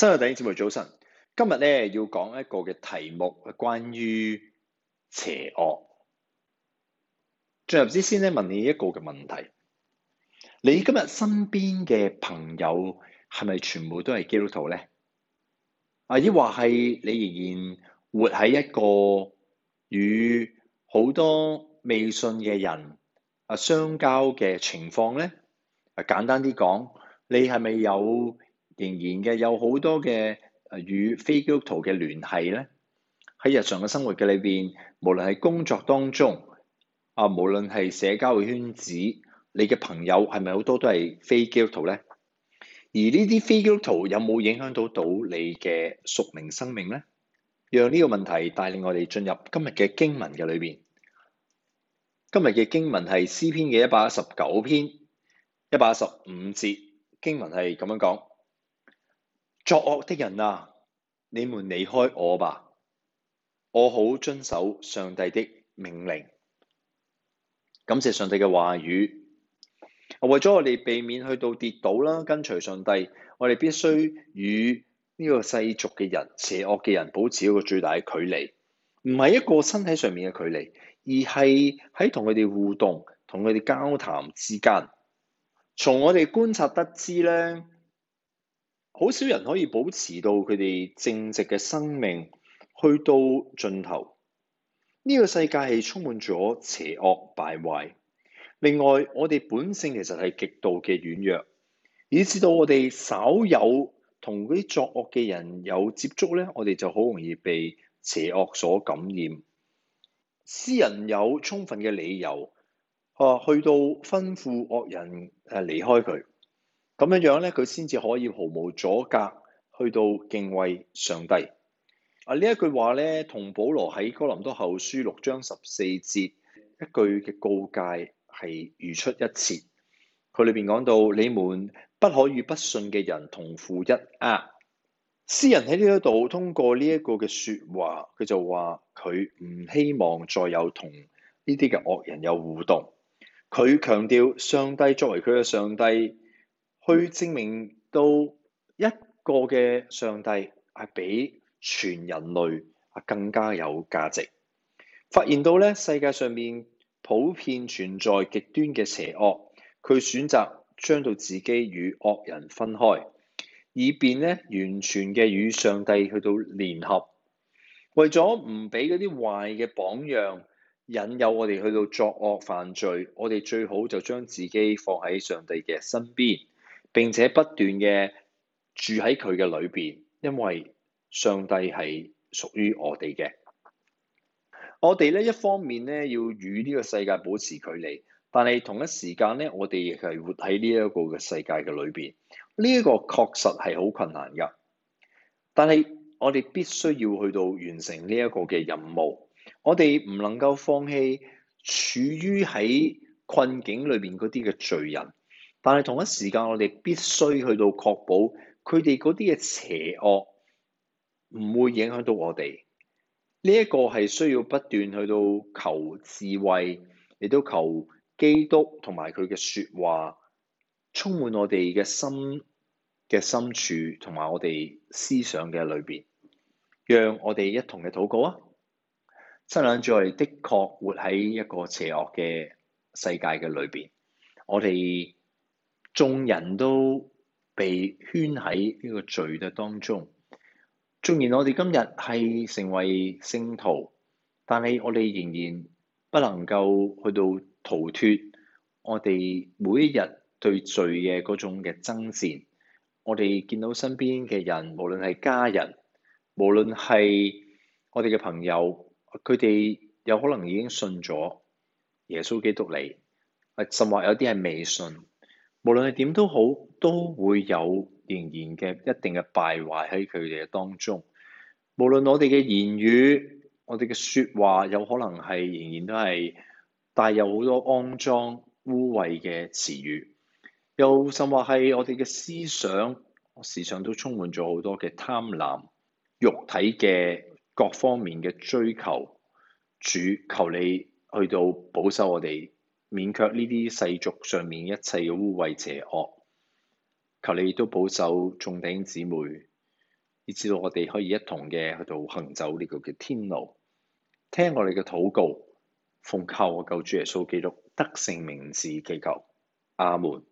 新日第一節目，早晨。今日咧要講一個嘅題目，關於邪惡。進入之先咧，問你一個嘅問題：你今日身邊嘅朋友係咪全部都係基督徒咧？啊，抑或係你仍然活喺一個與好多未信嘅人啊相交嘅情況咧？啊，簡單啲講，你係咪有？仍然嘅有好多嘅，誒，與非基督徒嘅聯繫咧。喺日常嘅生活嘅裏邊，無論係工作當中啊，無論係社交嘅圈子，你嘅朋友係咪好多都係非基督徒咧？而呢啲非基督徒有冇影響到到你嘅屬靈生命咧？讓呢個問題帶領我哋進入今日嘅經文嘅裏邊。今日嘅經文係詩篇嘅一百一十九篇一百一十五節經文係咁樣講。作惡的人啊，你們離開我吧，我好遵守上帝的命令。感謝上帝嘅話語，為咗我哋避免去到跌倒啦，跟隨上帝，我哋必須與呢個世俗嘅人、邪惡嘅人保持一個最大嘅距離，唔係一個身體上面嘅距離，而係喺同佢哋互動、同佢哋交談之間。從我哋觀察得知咧。好少人可以保持到佢哋正直嘅生命去到盡頭。呢個世界係充滿咗邪惡敗壞。另外，我哋本性其實係極度嘅軟弱，以至到我哋稍有同嗰啲作惡嘅人有接觸咧，我哋就好容易被邪惡所感染。詩人有充分嘅理由啊，去到吩咐惡人誒離開佢。咁樣樣咧，佢先至可以毫無阻隔去到敬畏上帝。啊，呢一句話咧，同保羅喺哥林多後書六章十四節一句嘅告誡係如出一轍。佢裏邊講到你們不可與不信嘅人同負一軛。詩人喺呢一度通過呢一個嘅説話，佢就話佢唔希望再有同呢啲嘅惡人有互動。佢強調上帝作為佢嘅上帝。去證明到一個嘅上帝係比全人類係更加有價值。發現到咧，世界上面普遍存在極端嘅邪惡，佢選擇將到自己與惡人分開，以便咧完全嘅與上帝去到聯合。為咗唔俾嗰啲壞嘅榜樣引誘我哋去到作惡犯罪，我哋最好就將自己放喺上帝嘅身邊。並且不斷嘅住喺佢嘅裏邊，因為上帝係屬於我哋嘅。我哋咧一方面咧要與呢個世界保持距離，但係同一時間咧我哋亦係活喺呢一個嘅世界嘅裏邊。呢一個確實係好困難嘅，但係我哋必須要去到完成呢一個嘅任務。我哋唔能夠放棄處於喺困境裏邊嗰啲嘅罪人。但係同一時間，我哋必須去到確保佢哋嗰啲嘅邪惡唔會影響到我哋。呢一個係需要不斷去到求智慧，亦都求基督同埋佢嘅說話充滿我哋嘅心嘅深處，同埋我哋思想嘅裏邊，讓我哋一同嘅禱告啊！真係在的確活喺一個邪惡嘅世界嘅裏邊，我哋。眾人都被圈喺呢個罪嘅當中。縱然我哋今日係成為聖徒，但係我哋仍然不能夠去到逃脫我哋每一日對罪嘅嗰種嘅爭戰。我哋見到身邊嘅人，無論係家人，無論係我哋嘅朋友，佢哋有可能已經信咗耶穌基督嚟，甚或有啲係未信。無論係點都好，都會有仍然嘅一定嘅敗壞喺佢哋嘅當中。無論我哋嘅言語、我哋嘅説話，有可能係仍然都係，帶有好多骯髒污穢嘅詞語。又甚至係我哋嘅思想，時常都充滿咗好多嘅貪婪、肉體嘅各方面嘅追求。主，求你去到保守我哋。免卻呢啲世俗上面一切嘅污穢邪惡，求你都保守眾弟兄姊妹，以致到我哋可以一同嘅去到行走呢個嘅天路。聽我哋嘅禱告，奉靠我救主耶穌基督得勝名字祈求，阿門。